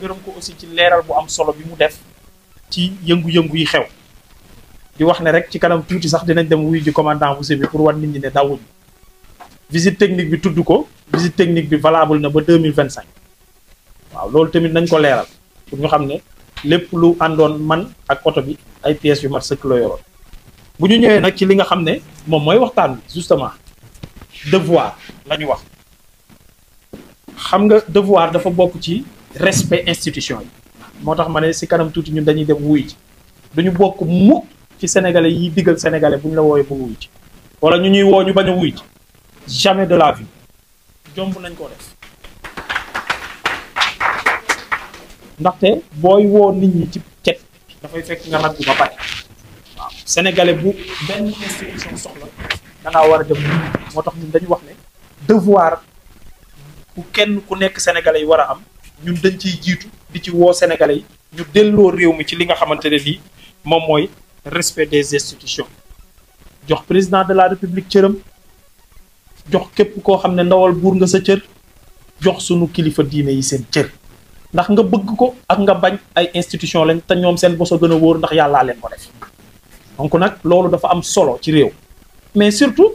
gërëm ko aussi ci leeral bu am solo bi mu def ci yëngu-yëngu yi xew di wax ne rek ci kanam tuuti sax dinañ dem wuyu ji commandant bu bi pour wan nit ñi ne dawuñu visite technique bi tudd ko visite technique bi valable na ba deux mille vingt cinq waaw loolu tamit nañ ko leeral pour ñu xam ne lépp lu àndoon man ak oto bi ay pièces yu mat sëkk la yoroon bu ñu ñëwee nag ci li nga xam ne moom mooy waxtaan bi justement devoir la ñu wax xam nga devoir dafa bokk ci respect institution yi moo tax ma ne si kanam tuuti ñun dañuy dem wuy ji duñu bokk mukk ci sénégalais yi diggal sénégalais bu ñu la wooyee pour wuy ji wala ñu ñuy woo ñu bañ a wuy jamais de la vie jomb nañ koo def ndaxte booy woo nit ñi ci cet dafay fekk nga nag bu ba pare waaw bu benn institution soxla da war a dem moo tax ñun dañu wax ne devoir ku kenn ku nekk sénégalais yi war a am ñun dañ ciy jiitu di ci woo sénégalais yi ñu delloo réew mi ci li nga xamante ne lii moom mooy respect des institutions jox président de la république cëram jox képp koo xam ne ndawal buur nga sa cër jox sunu kilifa diine yi seen cër ndax nga bëgg ko ak nga bañ ay institution lañ te ñoom seen boso gën a wóor ndax yàllaa leen ko def donc nag loolu dafa am solo ci réew mais surtout